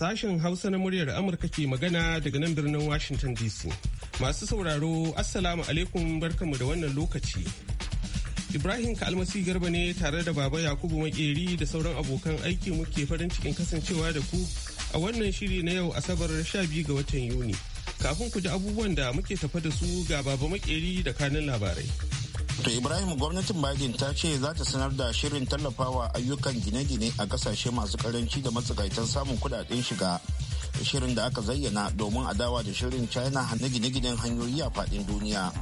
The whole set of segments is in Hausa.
Sashen Hausa na muryar Amurka ke magana daga nan birnin Washington DC. Masu sauraro, Assalamu alaikum barkanmu da wannan lokaci. Ibrahim Kalmasi Garba ne tare da Baba Yakubu Makeri da sauran abokan aiki muke farin cikin kasancewa da ku a wannan shiri na yau Asabar 12 ga watan Yuni. Kafin ku ji abubuwan da muke tafa da su ga Baba Makeri da kanin labarai. To Ibrahim gwamnatin Biden ta ce za ta sanar da shirin tallafawa ayyukan gine-gine a kasashe masu karanci da matsakaitan samun kudaden shiga. Shirin da aka zayyana domin adawa da shirin China na gine-ginen hanyoyi a fadin duniya.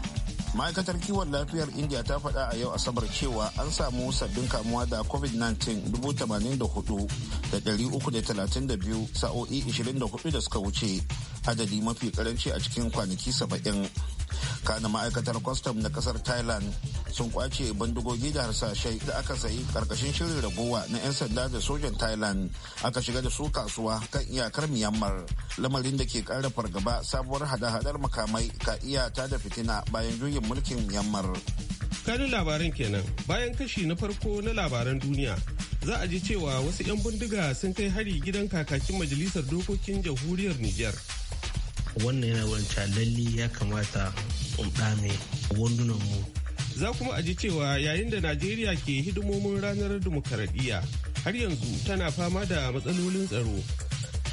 Ma'aikatar kiwon lafiyar India ta faɗa a yau Asabar cewa an samu sabbin kamuwa da COVID-19 da 332 sa'o'i 24 da suka wuce, adadi mafi karanci a cikin kwanaki 70. kana ma'aikatar kwastam na kasar thailand sun kwace bindigogi da harsashai da aka sayi karkashin shirin ragowa na 'yan sanda da sojan thailand aka shiga da su kasuwa kan iyakar myanmar lamarin da ke kara fargaba sabuwar hada-hadar makamai ka iya tada fitina bayan juyin mulkin myanmar kanin labaran kenan bayan kashi na farko na labaran duniya za a ji cewa wasu 'yan bindiga sun kai hari gidan kakakin majalisar dokokin jamhuriyar niger wannan yana wani lalli ya kamata umɗame wandunan mu za kuma a ji cewa yayin da najeriya ke hidimomin ranar dimokuraɗiyya har yanzu tana fama da matsalolin tsaro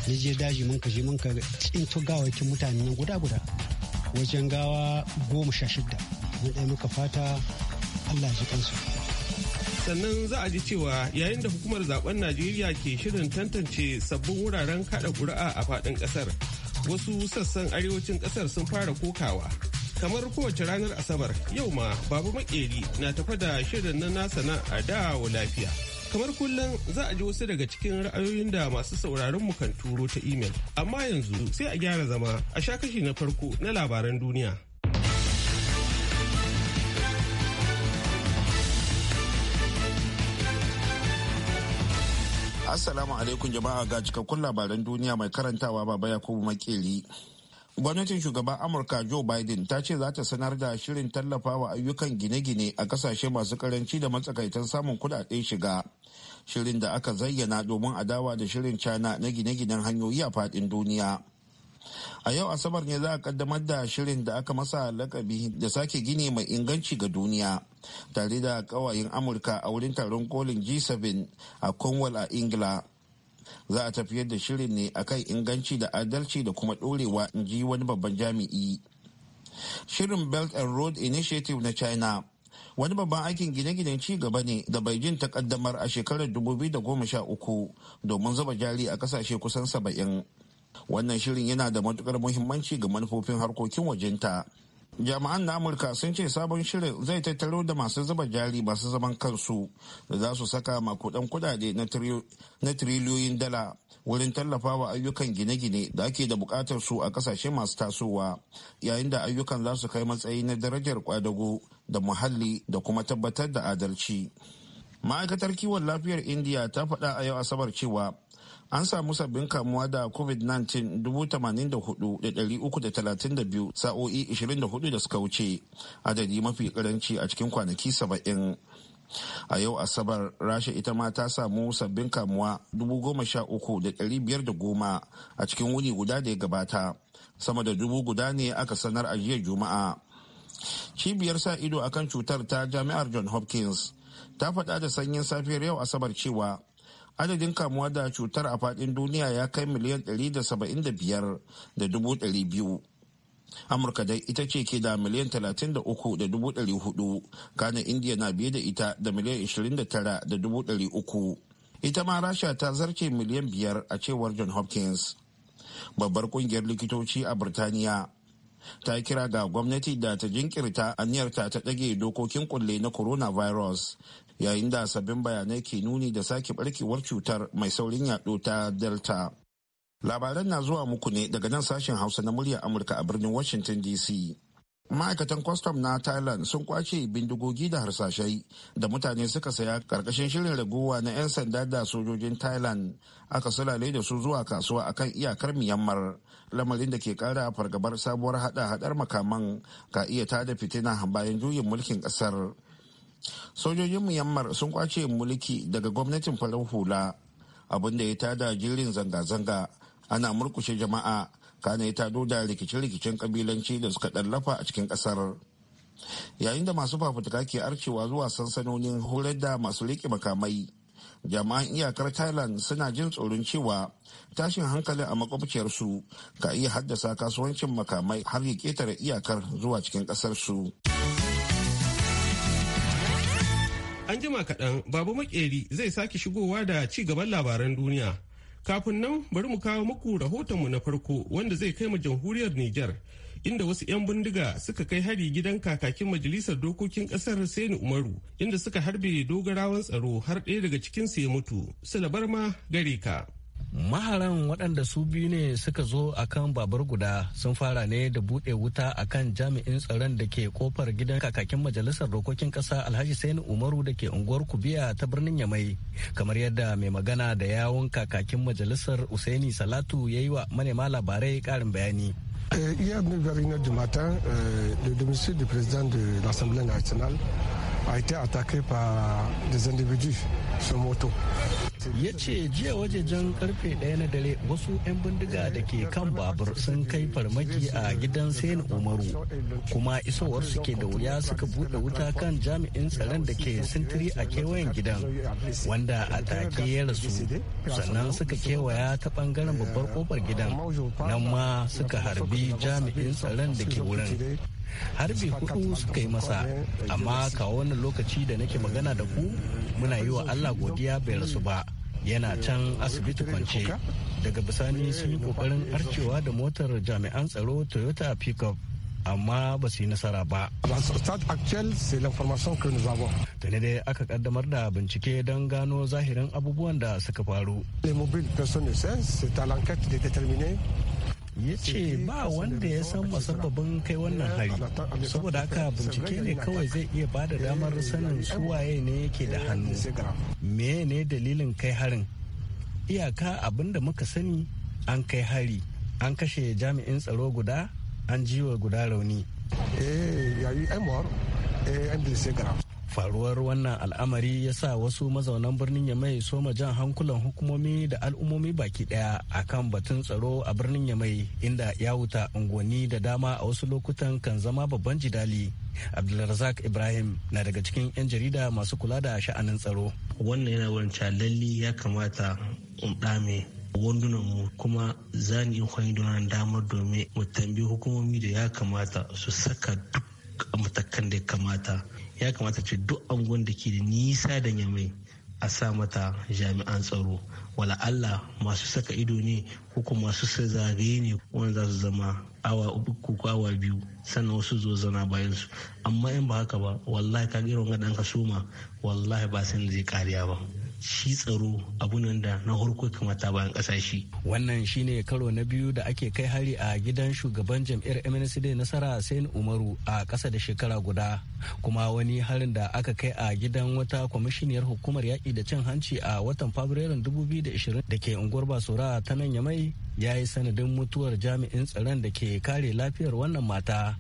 ni je daji mun kaje mun ka tsinto gawakin mutane nan guda guda wajen gawa goma sha shidda na ɗaya muka fata allah ji kansu sannan za a ji cewa yayin da hukumar zaben najeriya ke shirin tantance sabbin wuraren kada ƙuri'a a faɗin ƙasar wasu sassan arewacin ƙasar sun fara kokawa kamar kowace ranar asabar yau ma babu makeri na tafa da shirin na nasa na a dawo lafiya kamar kullum za a ji wasu daga cikin ra'ayoyin da masu sauraron mu kan turo ta imel amma yanzu sai a gyara zama a sha kashi na farko na labaran duniya Assalamu alaikum jama'a ga cikakkun labaran duniya mai karantawa baba Yakubu Makeli. Gwamnatin shugaban Amurka Joe Biden ta ce za ta sanar da shirin tallafawa ayyukan gine-gine a kasashe masu karanci da matsakaitan samun kudaden shiga. Shirin da aka zayyana domin adawa da shirin China na gine-ginen hanyoyi a faɗin duniya. a yau asabar ne za a kaddamar da shirin da aka masa lakabi da sake gini mai inganci ga duniya tare da kawayen amurka a wurin taron kolin g7 a cornwall a ingila za a tafiyar da shirin ne akan inganci da adalci da kuma dorewa in ji wani babban jami'i shirin belt and road initiative na china wani babban aikin gine-ginen ci gaba ne da beijing ta kaddamar a shekarar 2013 domin zuba jari a kasashe kusan saba'in wannan shirin yana da matukar muhimmanci ga manufofin harkokin wajenta jami'an na amurka sun ce sabon shirin zai tattaro da masu zuba jari masu zaman kansu da za su saka makudan kudade na triliyoyin dala wurin tallafawa ayyukan gine-gine da ake da bukatar su a kasashe masu tasowa yayin da ayyukan za su kai matsayi na darajar kwadago da muhalli da kuma tabbatar da adalci ma'aikatar kiwon lafiyar indiya ta faɗa a yau asabar cewa an samu sabbin kamuwa da covid-19 84,332 sa'o'i 24 da suka wuce adadi mafi karanci a cikin kwanaki 70 a yau asabar rasha ita ma ta samu sabbin kamuwa 13,510 a cikin wuni guda da ya gabata sama da dubu guda ne aka sanar a jiya juma'a cibiyar sa ido akan cutar ta jami'ar john hopkins ta faɗa da sanyin safiyar yau asabar cewa adadin kamuwa da cutar a faɗin duniya ya kai miliyan 175,200 amurka dai ita ce ke da miliyan 33,400 da kana indiya na biye da ita da miliyan 29,300 da ita ma rasha ta zarce miliyan biyar a cewar john hopkins babbar kungiyar likitoci a birtaniya ta kira ga gwamnati da ta jinkirta aniyarta ta ɗage dokokin kulle na coronavirus yayin da sabbin bayanai ke nuni da sake barkewar cutar mai saurin yaɗo ta delta labaran na zuwa muku ne daga nan sashen hausa na muryar amurka a birnin washington dc ma'aikatan kwastam na thailand sun kwace bindigogi da harsashai da mutane suka saya karkashin shirin raguwa na 'yan sanda da sojojin thailand aka sulale da su zuwa kasuwa akan iyakar myanmar lamarin da ke kara fargabar sabuwar hada hadar makaman ka iya tada fitina bayan juyin mulkin kasar sojojin myanmar sun kwace mulki daga gwamnatin farin hula abin da ya tada jirin zanga-zanga ana murkushe jama'a kana ya tado da rikice-rikicen kabilanci da suka ɗallafa a cikin ƙasar yayin da masu fafutuka ke arcewa zuwa sansanonin horar da masu riƙe makamai jama'an iyakar thailand suna jin tsoron cewa tashin hankali a makwabciyarsu ka iya haddasa kasuwancin makamai har ya ketare iyakar zuwa cikin ƙasarsu. su An jima kaɗan babu makeri zai sake shigowa da ci gaban labaran duniya. Kafin nan bari mu kawo muku rahotonmu na farko wanda zai kai mu jamhuriyar Nijar inda wasu 'yan bindiga suka kai hari gidan kakakin majalisar dokokin kasar Sani Umaru inda suka harbe dogarawan tsaro har ɗaya daga cikinsu ya mutu. Sulabar ma gare ka. maharan waɗanda su biyu ne suka zo akan babar guda sun fara ne da buɗe wuta a kan jami'in tsaron da ke kofar gidan kakakin majalisar dokokin ƙasa alhaji sain umaru da ke unguwar kubiya ta birnin yamai kamar yadda mai magana da yawon kakakin majalisar usaini salatu ya yi wa manema labarai karin bayani Hier, 9h du matin, le domicile du président de l'Assemblée nationale a ta attaqué par des individus sur moto. ya ce jiya wajejen karfe ɗaya na dare wasu 'yan bindiga da ke kan babur sun kai farmaki a gidan sayan umaru kuma isowar su ke da wuya suka buɗe wuta kan jami'in tsaron da ke sintiri a kewayen gidan wanda a take ya rasu sannan suka kewaya ta bangaren babbar kofar gidan nan ma suka harbi jami'in tsaron da ke wurin harbi hudu suka yi masa amma kawo wannan lokaci da nake magana da ku muna yi wa allah godiya bai rasu ba yana eh, can asibiti kwance daga bisani eh, sun yi kokarin eh, arcewa da motar jami'an tsaro toyota pickup amma ba su yi nasara ba. Da ne dai aka kaddamar da bincike don gano zahirin abubuwan da suka faru. ya ce ba wanda ya san musabbabin kai wannan hari saboda haka bincike ne kawai zai iya ba da damar sanin suwaye ne yake da hannu meye ne dalilin kai harin iyaka abinda muka sani an kai hari an kashe jami'in tsaro guda an jiwa guda rauni eh yayi eh faruwar wannan al'amari ya sa wasu mazaunan birnin ya mai soma jan hankulan hukumomi da al'ummomi baki daya a kan batun tsaro a birnin ya mai inda ya wuta unguwanni da dama a wasu lokutan kan zama babban jidali abdulrazak ibrahim na daga cikin 'yan jarida masu kula da sha'anin tsaro wannan yana wurin lalli ya kamata in dame wandunan mu kuma zani ni in kwanye donan damar domin mu tambayi hukumomi da ya kamata su saka duk matakan da ya kamata ya kamata ce duk angon da ke da nisa da nyamai a sa mata jami'an tsaro wala Allah masu saka ido ne ko kuma masu zagaye ne wanda za su zama awa uku ko awa biyu sannan wasu zo zana bayan su amma in ba haka ba wallahi ka irin ga ɗan ka soma wallahi ba sai zai kariya ba shi tsaro abunan da na harko kamata bayan Wannan shi. ne karo na biyu da ake kai hari a gidan shugaban jam'iyyar MNCD nasara Sain Umaru a ƙasa da shekara guda kuma wani harin da aka kai a gidan wata kwamishiniyar hukumar yaƙi da cin hanci a watan Fabrairun 2020 da ke unguwar Basura ta nan Yamai ya yi sanadin mutuwar jami'in tsaron da ke kare lafiyar wannan mata.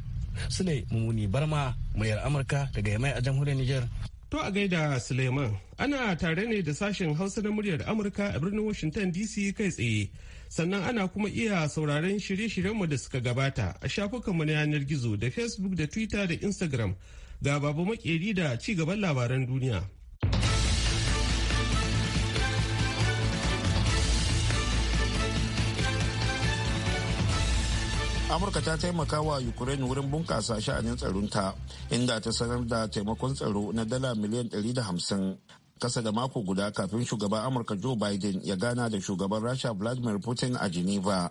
Sule Mumuni Barma, mayar Amurka daga Yamai a jamhuriyar Nijar. To a gaida Suleiman, ana tare ne da sashen Hausa na muryar Amurka a birnin Washington DC kai tsaye. Sannan ana kuma iya sauraron shirye-shiryenmu da suka gabata a shafukanmu na yanar gizo da Facebook da Twitter da Instagram. Ga babu makeri da ci gaban labaran duniya. amurka ta taimaka wa ukraine wurin bunkasa sha'anin tsaronta inda ta sanar da taimakon tsaro na dala miliyan 150 kasa da mako guda kafin shugaban amurka joe biden ya gana da shugaban rasha vladimir putin a geneva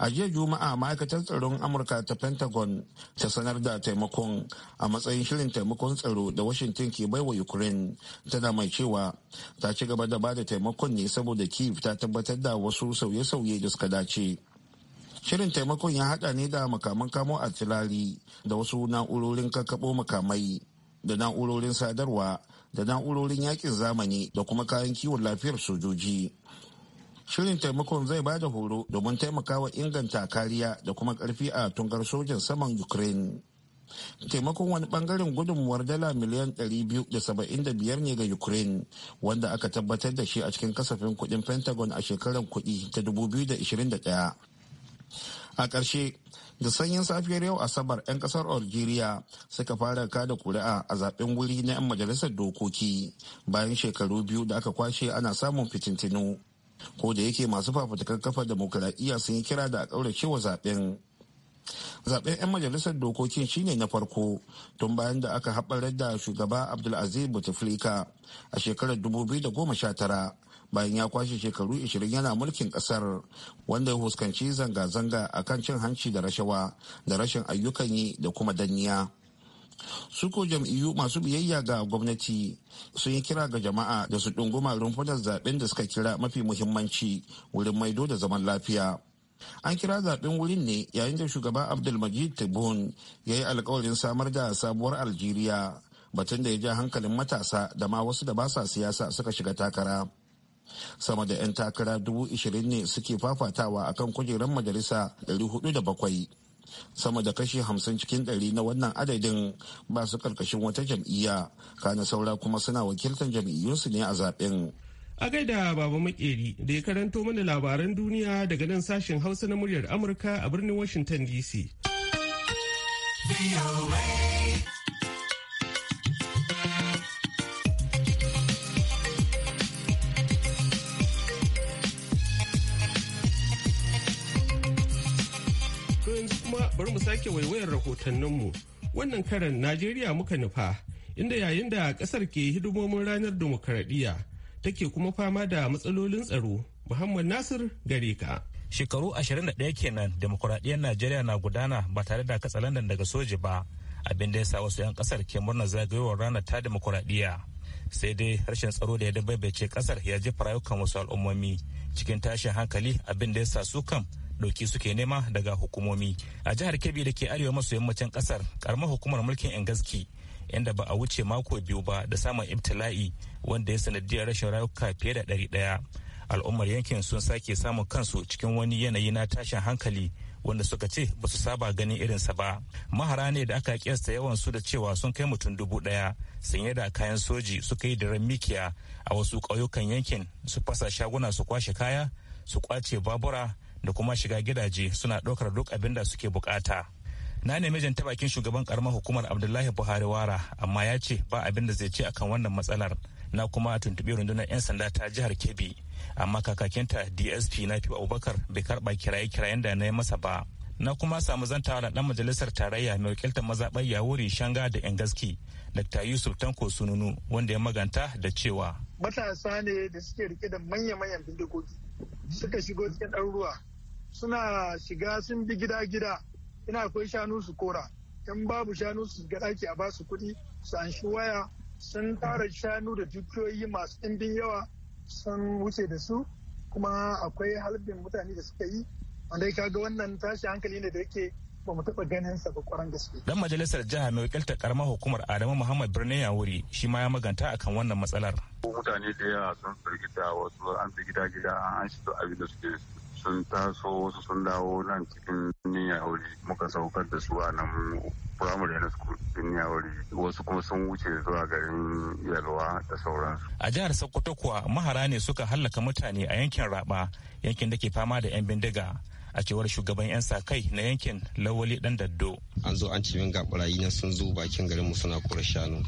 a jiya juma'a ma'aikatar tsaron amurka ta pentagon ta sanar da taimakon a matsayin shirin taimakon tsaro da washington ke baiwa ukraine tana mai cewa ta ci gaba da ba da taimakon ne saboda kiev ta tabbatar da wasu sauye-sauye da suka dace shirin taimakon ya haɗa ne da makaman kamo a tilali da wasu na'urorin kakkaɓo makamai da na'urorin sadarwa da na'urorin yakin zamani da kuma kayan kiwon lafiyar sojoji shirin taimakon zai ba da horo domin taimakawa inganta kariya da kuma karfi a tungar sojan saman ukraine taimakon wani bangaren gudunmuwar dala miliyan 275 ne ga ukraine wanda aka tabbatar da shi a cikin kasafin kuɗin pentagon a shekarar kuɗi ta 2021 a ƙarshe da sanyin safiyar yau asabar 'yan kasar algeria suka fara kada kuri'a a zaben wuri na 'yan majalisar dokoki bayan shekaru biyu da aka kwashe ana samun fitintinu ko da yake masu fafutukar kafa demokuraɗiyya sun yi kira da a ƙaura wa zaben zaben 'yan majalisar dokokin shine na farko tun bayan da aka haɓarar da shugaba abdulaziz bouteflika a shekarar 2019 bayan ya kwashe shekaru 20 yana mulkin kasar wanda ya huskanci zanga-zanga a kan cin hanci da rashawa da rashin ayyukan yi da kuma danniya suko jam'iyyu masu biyayya ga gwamnati sun yi kira ga jama'a da su ɗunguma rumfunan zaben da suka kira mafi muhimmanci wurin maido da zaman lafiya an kira zaben wurin ne yayin da shugaba abdulmajid tibun ya yi alkawarin samar da sabuwar algeria batun da ya ja hankalin matasa da ma wasu da ba sa siyasa suka shiga takara sama da 'yan takara dubu ishirin ne suke fafatawa akan kujerar majalisa 407 sama da kashi hamsin cikin ɗari na wannan adadin ba su karkashin wata jam'iyya kana saura kuma suna wakiltar jam'iyyunsu ne a zaben a gaida baba makeri da ya karanto mana labaran duniya daga nan sashen hausa na muryar amurka a birnin washington dc sake waiwayar rahotanninmu wannan karan najeriya muka nufa inda yayin da kasar ke hidimomin ranar demokaradiyya take kuma fama da matsalolin tsaro muhammad nasir gare ka shekaru 21 kenan demokuraɗiyyar najeriya na gudana ba tare da katsalandan daga soji ba abin da ya sa wasu 'yan kasar ke murna zagayowar ranar ta demokuraɗiyya sai dai harshen tsaro da ya ce kasar ya jefa rayukan wasu al'ummomi cikin tashin hankali abin da ya sa su kam doki suke nema daga hukumomi a jihar kebbi da ke arewa maso yammacin kasar. karamar hukumar mulkin yan engaski inda ba a wuce mako biyu ba da samun ibtila'i wanda ya sanadiyar rashin rayuka fiye da ɗari ɗaya al'ummar yankin sun sake samun kansu cikin wani yanayi na tashin hankali wanda suka ce ba su saba ganin irinsa ba mahara ne da aka kiyasta yawan su da cewa sun kai mutum dubu daya sanye da kayan soji suka yi daren mikiya a wasu ƙauyukan yankin su fasa shaguna su kwashe kaya su kwace babura da kuma shiga gidaje suna ɗaukar duk abin da suke bukata. Na nemi jan bakin shugaban karamar hukumar Abdullahi Buhari Wara amma ya ce ba abin da zai ce akan wannan matsalar. Na kuma tuntuɓi rundunar 'yan sanda ta jihar Kebbi amma kakakinta DSP na fi Abubakar bai karɓa kiraye-kirayen da na yi masa ba. Na kuma samu zantawa da ɗan majalisar tarayya mai wakiltar mazaɓar Yawuri Shanga da 'yan gaski Dr. Yusuf Tanko Sununu wanda ya maganta da cewa. Matasa ne da suke rike da manya-manyan bindigogi suka shigo cikin ɗaruruwa suna shiga sun bi gida-gida ina akwai shanu su kora in babu shanu su shiga ɗaki a basu kuɗi su anshi waya sun tara shanu da dukiyoyi masu ɗimbin yawa sun wuce da su kuma akwai halbin mutane da suka yi wanda ya kaga wannan tashi hankali ne da yake ba mu taɓa ganin sa ba kwaran gaske. Dan majalisar jiha mai wakiltar karamar hukumar Adamu Muhammad Birnin Yawuri shi ma ya maganta akan wannan matsalar. Mutane da yawa sun firgita wasu an fi gida gida an shi abin da suke sun taso wasu sun dawo nan cikin niyawari muka saukar da su a nan firamare na school din niyawari wasu kuma sun wuce zuwa garin yalwa da sauransu. a jihar sokoto kuwa mahara ne suka hallaka mutane a yankin raba yankin da ke fama da yan bindiga a cewar shugaban 'yan sa-kai na yankin lawali dan daddo an zo an ci min ga barayi na sun zo bakin garin mu suna kura shanu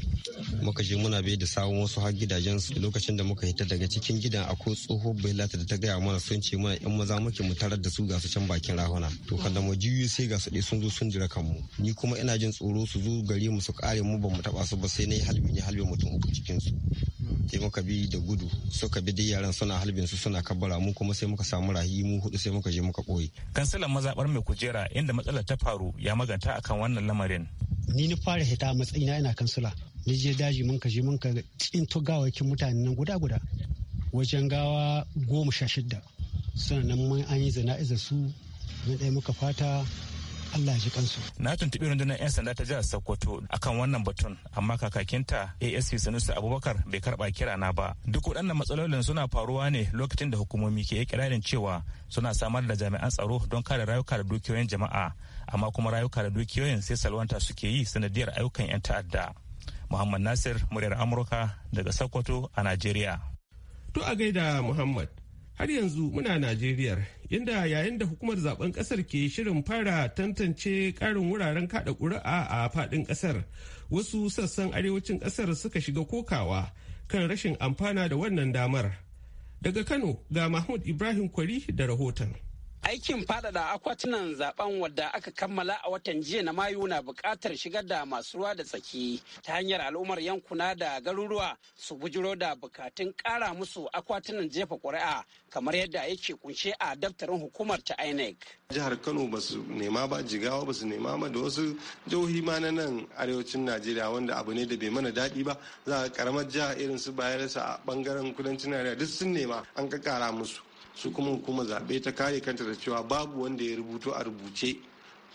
muka je muna bai da sawun wasu har gidajen su lokacin da muka hita daga cikin gidan akwai tsoho bai lata da ta gaya mana sun ce mana yan maza muke mu tarar da su ga su can bakin rahuna to kada mu jiyu sai ga su dai sun zo sun jira kanmu ni kuma ina jin tsoro su zo gare mu su kare mu ba mu taba su ba sai na yi halbi ni halbi mutum uku cikin su sai muka bi da gudu suka bi dai yaran suna halbin su suna kabbara mu kuma sai muka samu rahi mu hudu sai muka je muka boye kansilan mazabar mai kujera inda matsalar ta faru ya maganta akan wannan lamarin ni ni fara hita matsayina ina kansila ni je daji mun ka je mun ka tsinto gawakin mutanen nan guda guda wajen gawa goma sha shidda suna nan mun an yi zana'izar su na ɗaya muka fata Allah ya ji kansu. Na tuntuɓi rundunar 'yan sanda ta jihar Sokoto akan wannan batun amma kakakinta ASP Sanusi Abubakar bai karɓa kira na ba. Duk waɗannan matsalolin suna faruwa ne lokacin da hukumomi ke kirarin cewa suna samar da jami'an tsaro don kare rayuka da dukiyoyin jama'a amma kuma rayuka da dukiyoyin sai salwanta suke yi sanadiyar ayyukan 'yan ta'adda. Muhammad Nasir muryar Amurka daga Sokoto a Najeriya. To a gaida Muhammad har yanzu muna Najeriyar. inda yayin da hukumar zaben kasar ke shirin fara tantance karin wuraren kada kuri'a a faɗin kasar wasu sassan arewacin kasar suka shiga kokawa kan rashin amfana da wannan damar daga kano ga mahmud ibrahim kwari da rahoton Aikin fadada akwatunan zaben wadda aka kammala a watan jiya na Mayu na bukatar shigar da masu ruwa da tsaki ta hanyar al'ummar yankuna da garuruwa su bujiro da bukatun kara musu akwatunan jefa ƙuri'a kamar yadda yake kunshe a daftarin hukumar ta INEC. Jihar Kano ba su nema ba jigawa ba su nema ba da wasu jihohi ma na nan arewacin Najeriya wanda abu ne da bai mana daɗi ba za a karamar jiha irin su bayelsa a bangaren kudancin Najeriya duk sun nema an kara musu. su kuma hukumar zaɓe ta kare kanta da cewa babu wanda ya rubuto a rubuce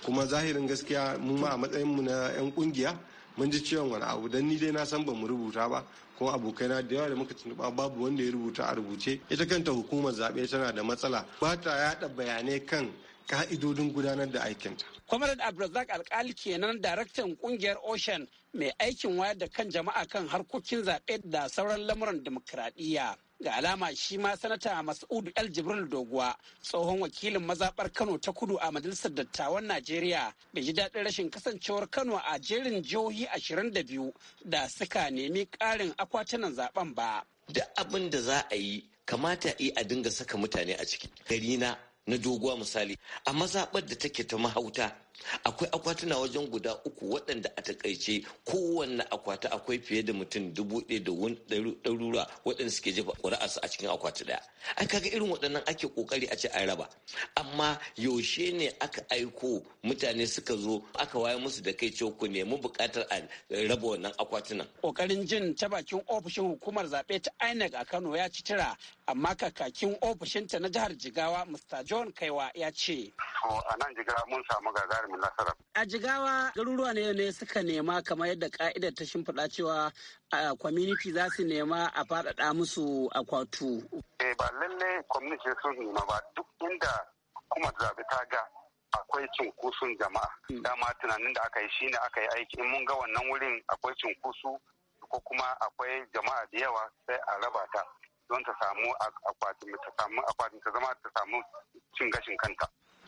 kuma zahirin gaskiya mu ma a matsayinmu na 'yan kungiya mun ji ciwon wani abu dan ni dai na san bamu rubuta ba kuma na da yawa da muka tuntuɓa babu wanda ya rubuta a rubuce ita kanta hukumar zaɓe tana da matsala ba ta yaɗa bayanai kan ka'idodin gudanar da aikinta. Comrade Abdulrazak Alkali kenan daraktan kungiyar Ocean mai aikin wayar da kan jama'a kan harkokin zaɓe da sauran lamuran dimokuraɗiyya. Da alama shi ma sanata Masuudu El Jibril Doguwa tsohon wakilin mazaɓar Kano ta kudu a Majalisar Dattawan Najeriya bai ji daɗin rashin kasancewar Kano a jerin jihohi ashirin da biyu da suka nemi ƙarin akwatunan zaben ba. Da abin da za a yi kamata a dinga saka mutane a ciki. Gari na na doguwa misali a mazaɓar da take ta mahauta akwai akwatuna wajen guda uku waɗanda a takaice kowanne akwata akwai fiye da mutum dubu ɗaya da ɗarura waɗanda suke jefa ƙuri'arsu a cikin akwati ɗaya ai kaga irin waɗannan ake ƙoƙari a ce a raba amma yaushe ne aka aiko mutane suka zo aka waye musu da kai cewa ku nemi buƙatar a raba wannan akwatunan. ƙoƙarin jin ta bakin ofishin hukumar zaɓe ta inec a kano ya ci tira amma kakakin ofishinta na jihar jigawa mr john kaiwa ya ce. a nan jigawa mun samu gagara A Jigawa garuruwa ne ne suka nema kamar yadda ka'idar ta shimfiɗa cewa a community za su nema a faɗaɗa musu akwatu. Eh ba lalle community sun nema ba duk inda kuma zaɓi ta ga akwai cunkusun jama'a. Hmm. Dama tunanin da aka yi shine aka yi aiki in mun ga wannan wurin akwai cunkusu ko kuma akwai jama'a da yawa sai a raba ta. don ta samu akwatin ta samu akwatin ta zama ta samu cin gashin kanta.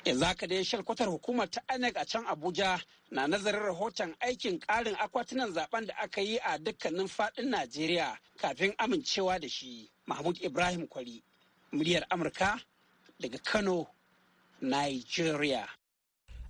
yanzu haka dai shalkwatar hukumar ta INEC a can Abuja na nazarin rahoton aikin karin akwatunan zaben da aka yi a dukkanin fadin Najeriya kafin amincewa da shi. Mahmud Ibrahim Kwari, muryar Amurka daga Kano, Nigeria.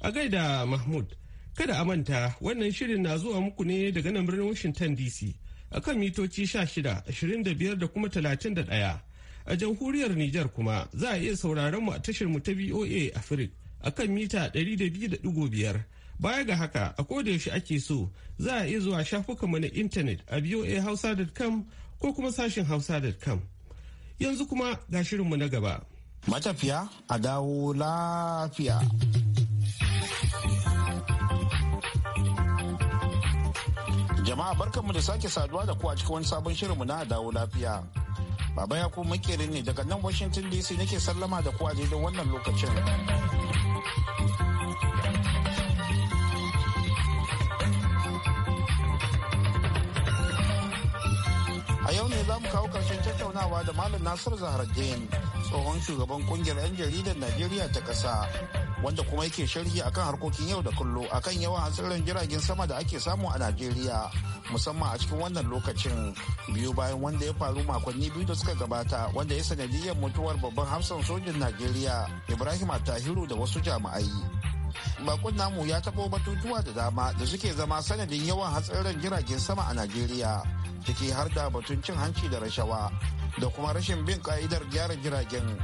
A gaida Mahmud, kada a manta wannan shirin na zuwa muku ne daga nan birnin Washington DC akan mitoci 16, 25 da kuma 31. A jamhuriyar Nijar kuma za a iya sauraron mu a tashar mu ta VOA Africa akan mita 200.5. Baya ga haka a koda yaushe ake so za a iya zuwa shafukan mu na intanet a voahausa.com ko kuma sashin hausa.com. Yanzu kuma ga shirinmu na gaba. Matafiya a dawo lafiya. Jama'a barkanmu da sake saduwa da ku a cikin wani sabon shirinmu na dawo lafiya. Baba ya ku makeri ne daga nan Washington DC nake sallama da ku a daidai wannan lokacin. A yau ne za mu kawo ƙarshen tattaunawa da Malam Nasir Zaharaddin tsohon shugaban kungiyar 'yan jaridar Najeriya ta ƙasa wanda kuma yake sharhi akan harkokin yau da kullu akan yawan hatsarin jiragen sama da ake samu a Najeriya. musamman a cikin wannan lokacin biyu bayan wanda ya faru makonni biyu da suka gabata wanda ya sanadiyar mutuwar babban hamsan sojin najeriya ibrahim tahiru da wasu jami'ai bakun namu ya taɓo batutuwa da dama da suke zama sanadin yawan hatsarin jiragen sama a najeriya ciki har da batun cin hanci da rashawa da kuma rashin bin ka'idar gyara jiragen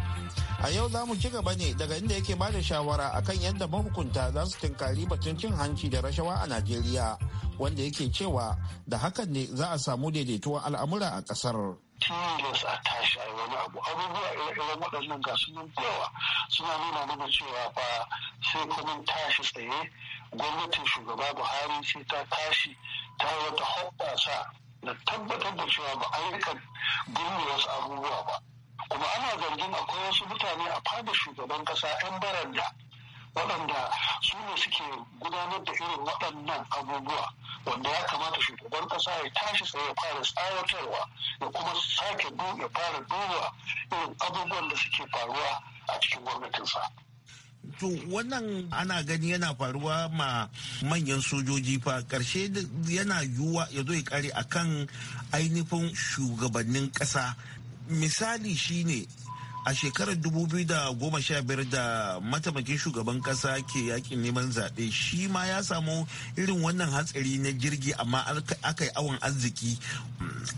a yau za mu ci gaba ne daga inda yake ba da shawara akan yadda mahukunta za su tinkari batun cin hanci da rashawa a najeriya wanda yake cewa da hakan ne za a samu daidaituwar al'amura a kasar. tilas a tashi a wani abu abubuwa irin waɗannan ga su nan yawa suna nuna mana cewa ba sai kuma tashi tsaye gwamnatin shugaba buhari sai ta tashi ta wata hoɓɓasa Na tabbatar da cewa ba a rika gurmi wasu abubuwa ba kuma ana zargin akwai wasu mutane a fada shugaban kasa 'yan baranda waɗanda su ne suke gudanar da irin waɗannan abubuwa wanda ya kamata shugaban ƙasa ya tashi tsaye ya fara tsawatarwa ya kuma sake ya fara duba irin abubuwan da suke faruwa a cikin gwamnatinsa. To wannan ana gani yana faruwa ma manyan sojoji fa karshe yana yiwuwa ya zo ya kare akan ainihin shugabannin ƙasa. Misali shine a shekarar 2015 da mataimakin shugaban kasa ke yakin neman zaɓe shi ma ya samu irin wannan hatsari na jirgi amma aka yi awon arziki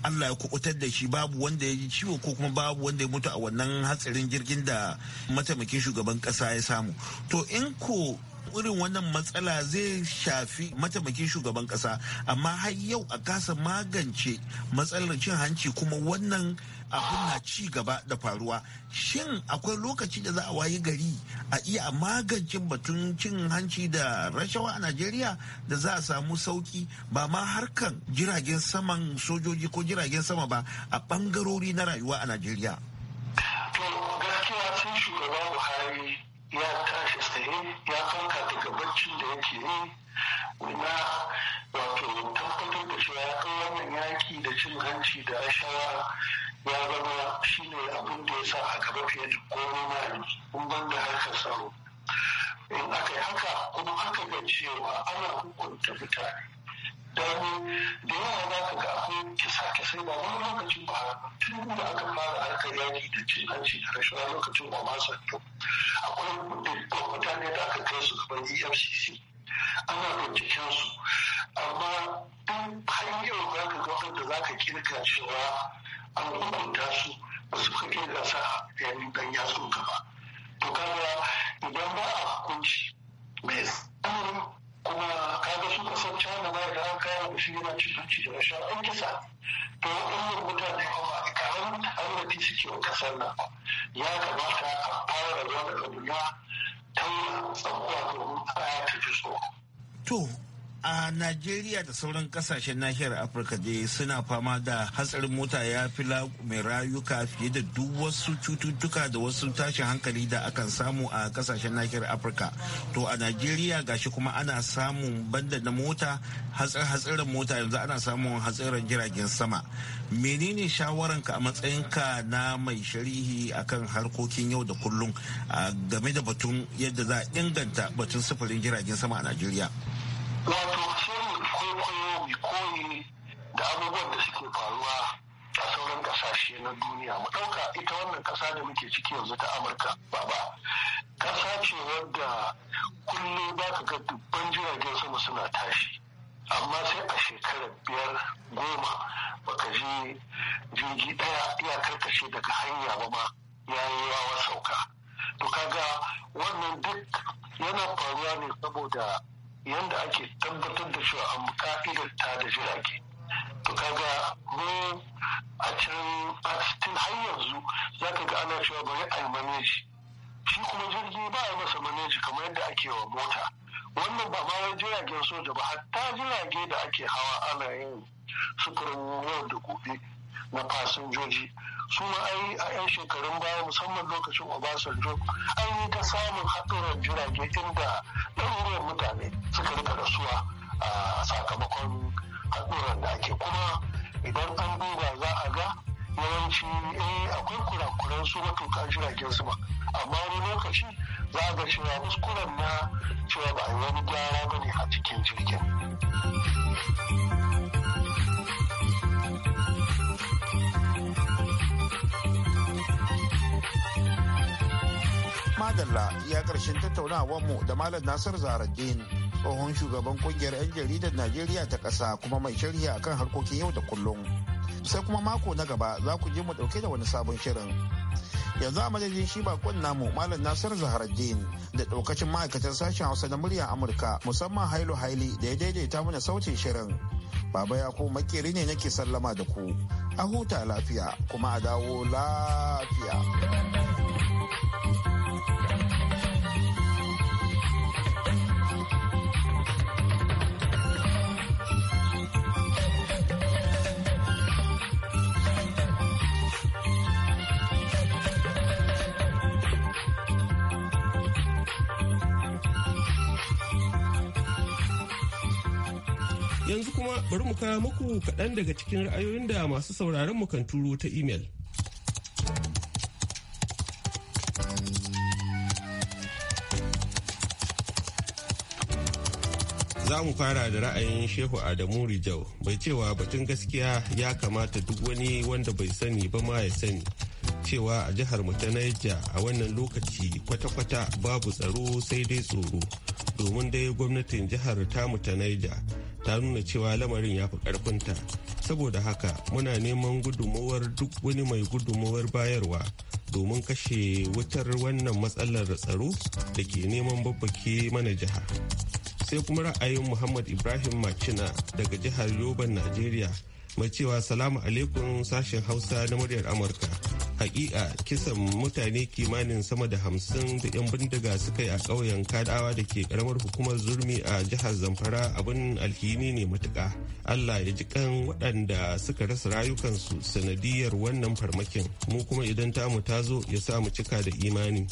allah ya kubutar da shi babu wanda ya ji ciwo ko kuma babu wanda ya mutu a wannan hatsarin jirgin da mataimakin shugaban kasa ya samu to in ko irin wannan matsala zai shafi mataimakin shugaban kasa amma har yau a kasa magance matsalar cin hanci kuma wannan abin na ci gaba da faruwa shin akwai lokaci da za a wayi gari a iya magance batun cin hanci da rashawa a najeriya da za a samu sauki ba ma harkan jiragen saman sojoji ko jiragen sama ba a bangarori na rayuwa a najeriya ya tashi tsaye ya farka daga barcin da yake yi na wato tabbatar da cewa ya wannan yaki da cin hanci da rashawa ya zama shine abin da ya sa a gaba fiye da komai na yanzu ban da harkar tsaro in aka yi haka kuma aka ga cewa ana hukunta mutane don da yawa za ka ga akwai kisa-kisai ba wani lokacin ba tun da aka fara harkar yaki da cin hanci da rashin lokacin ba masu akwai mutane da aka kai su gaban efcc ana binciken su amma duk hanyar za ka ga wanda za ka kirka cewa an hukunta su ba su ka da sa yanni dan ya ka gaba to kaga idan ba a hukunci mai tsananin kuma kaga su kasan china ma da an kama da shi yana cin ci da rashin an kisa to waɗannan mutane ba karamin arziki suke wa kasar nan ya kamata a fara da wani abu na ta yi tsakuwa domin a ta ji tsoro. To, a najeriya da sauran kasashen nahiyar afirka da suna fama da hatsarin mota ya fi mai rayuka fiye da duk wasu cututtuka da wasu tashin hankali da akan samu a kasashen nahiyar afirka to a najeriya gashi kuma ana samun banda na mota hatsarin mota yanzu ana samun hatsarin jiragen sama menene shawararka a matsayinka na mai sharihi akan harkokin yau da kullum game da batun yadda za a inganta batun sufurin jiragen sama a najeriya wato shirin kwaikwayo mai koyi da abubuwan da suke faruwa a sauran kasashe na duniya mu ɗauka ita wannan ƙasa da muke ciki yanzu ta amurka ba ba ƙasa ce wadda kullum ba ka ga dubban jiragen sama suna tashi amma sai a shekarar biyar goma baka je jirgi ɗaya ya karkashe daga hanya ba ma ya yi yawa sauka to kaga wannan duk yana faruwa ne saboda yadda ake tabbatar da cewa an ka'idar ta da jirage to kaga mu a can cikin har yanzu za ka ga ana cewa bari a yi maneji shi kuma jirgi ba a masa maneji kamar yadda ake wa mota wannan ba ma jiragen soja ba hatta jirage da ake hawa ana yin sufurin yau da gobe na fasinjoji su ma ai a 'yan shekarun baya musamman lokacin obasanjo an yi ta samun haɗuran jirage inda ɗaruruwan mutane suka rika rasuwa a sakamakon haɗuran da ake kuma idan an duba za a ga yawanci eh akwai kurakuran su matuƙa jiragen su ba amma wani lokaci za a ga cewa muskuran na cewa ba a yi wani gyara ba ne a cikin jirgin. madalla ya karshen tattaunawar mu da Malam Nasir Zaraddin tsohon shugaban kungiyar 'yan jaridar Najeriya ta ƙasa kuma mai sharhi akan harkokin yau da kullum. Sai kuma mako na gaba za ku je mu ɗauke da wani sabon shirin. Yanzu a madadin shi bakon namu Malam Nasir Zaharaddin da ɗaukacin ma'aikatan sashen Hausa na muryar Amurka musamman Hailu Haili da ya daidaita mana sautin shirin. Baba ya ko makeri ne nake sallama da ku. A huta lafiya kuma a dawo lafiya. bari mu kawo muku kaɗan daga cikin ra'ayoyin da masu sauraron mu kan turo ta imel. za mu fara da ra'ayin shehu adamu rijau bai cewa batun gaskiya ya kamata duk wani wanda bai sani ba ma ya sani cewa a jihar mu ta a wannan lokaci kwata-kwata babu tsaro sai dai tsoro domin dai gwamnatin jihar tamu ta Niger ta nuna cewa lamarin ya fi karfinta saboda haka muna neman gudumawar duk wani mai gudumawar bayarwa domin kashe wutar wannan matsalar tsaro da ke neman babbake mana jiha sai kuma ra'ayin muhammad ibrahim macina daga jihar yoban najeriya mai cewa salamu alaikum sashen hausa na muryar amurka hakika kisan mutane kimanin sama da hamsin da yan bindiga suka yi a ƙauyen kadawa da ke karamar hukumar zurmi a jihar zamfara abin alhini ne matuƙa allah ya ji kan waɗanda suka rasa rayukansu sanadiyar wannan farmakin mu kuma idan tamu ta zo ya sa mu cika da imani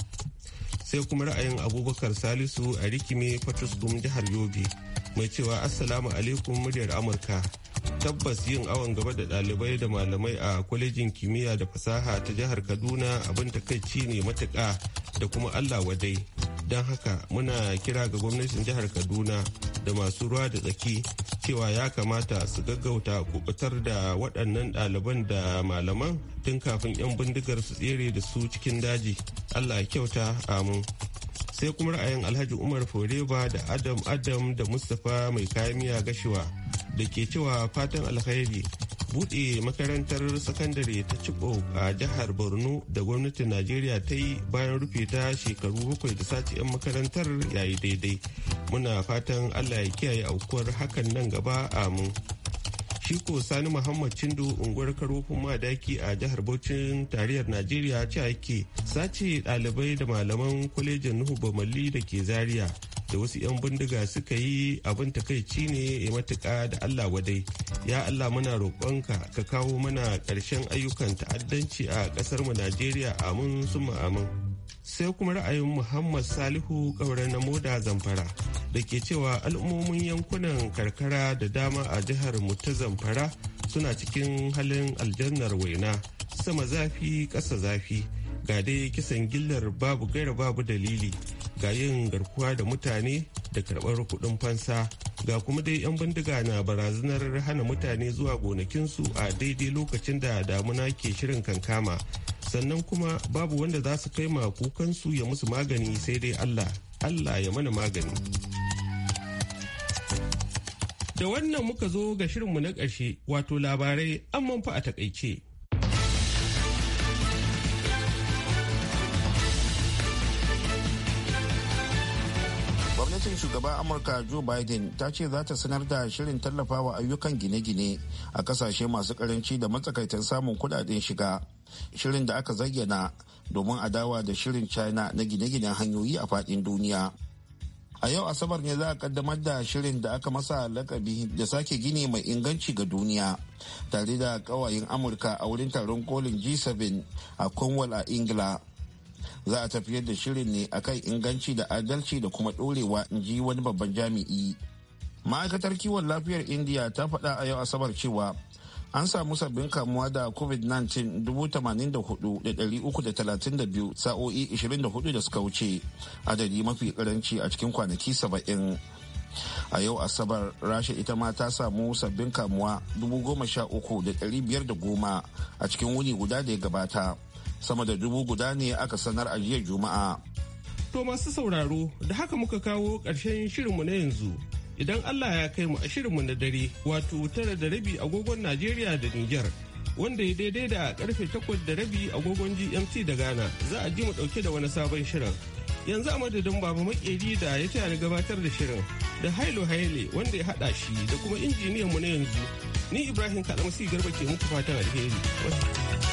sai kuma ra'ayin abubakar salisu a rikime fatuskum jihar yobe mai cewa assalamu alaikum muryar amurka tabbas yin awon gaba da ɗalibai da malamai a kwalejin kimiyya da fasaha ta jihar kaduna abin takaici ne matuka da kuma allah wadai don haka muna kira ga gwamnatin jihar kaduna da masu ruwa da tsaki cewa ya kamata su gaggauta kubutar da waɗannan ɗaliban da malaman tun kafin 'yan bindigar su tsere da su cikin daji allah kyauta amin sai kuma ra'ayin alhaji umar foreba da adam adam da mustapha mai kayan miya gashiwa da ke cewa fatan alkhairi buɗe makarantar sakandare ta cibo a jihar borno da gwamnatin najeriya ta yi bayan rufe ta shekaru bakwai da sace 'yan makarantar yayi daidai muna fatan allah ya kiyaye aukuwar hakan nan gaba amin shi ko sani muhammad cindo unguwar karofin madaki a jihar bauchin tariyar najeriya ce ake sace ɗalibai da malaman kwalejin nuhu bamalli da ke zaria da wasu 'yan bindiga suka yi abin takaici ne ya eh, matuƙa da Allah wadai. Ya Allah muna roƙonka ka kawo mana ƙarshen ayyukan ta'addanci a ƙasarmu Najeriya amin suma amin. Sai kuma ra'ayin Muhammad Salihu ƙauren na Moda Zamfara da ke cewa al'ummomin yankunan karkara da dama a jihar mu ta Zamfara suna cikin halin aljannar waina sama zafi ƙasa zafi ga dai kisan gillar babu gaira babu dalili ga yin garkuwa da mutane da karɓar kuɗin fansa ga kuma dai 'yan bindiga na barazanar hana mutane zuwa gonakinsu a daidai lokacin da damuna ke shirin kankama sannan kuma babu wanda za su kai ma kukansu ya musu magani sai dai allah allah ya mana magani da wannan muka zo ga shirinmu na ƙarshe wato labarai an manfa a takaice. gwamnatin shugaban amurka joe biden ta ce za ta sanar da shirin tallafawa ayyukan gine-gine a kasashe masu karanci da matsakaitan samun kudaden shiga shirin da aka zayyana domin adawa da shirin china na gine-ginen hanyoyi a fadin duniya a yau asabar ne za a kaddamar da shirin da aka masa lakabi da sake gini mai inganci ga duniya tare da kawayen amurka a wurin taron kolin g7 a cornwall a ingila za a tafiyar da shirin ne a akan inganci da adalci da kuma ɗorewa in ji wani babban jami'i ma'aikatar kiwon lafiyar india ta faɗa a yau asabar cewa an samu sabbin kamuwa da covid-19 84,332 sa'o'i 24 da suka wuce adadi mafi karanci a cikin kwanaki 70 a yau asabar rasha ita ma ta samu sabbin kamuwa 13,510 a cikin wuni guda da ya gabata sama da dubu guda ne aka sanar a jiya juma'a to masu sauraro da haka muka kawo ƙarshen shirinmu na yanzu idan allah ya kai mu a shirinmu na dare wato tara da rabi agogon najeriya da niger wanda ya daidai da karfe takwas da rabi agogon gmt da ghana za a ji mu dauke da wani sabon shirin yanzu a madadin baba makeri da ya taya ni gabatar da shirin da hailo haile wanda ya hada shi da kuma injiniyan mu na yanzu ni ibrahim kalamasi garba ke muku fatan alheri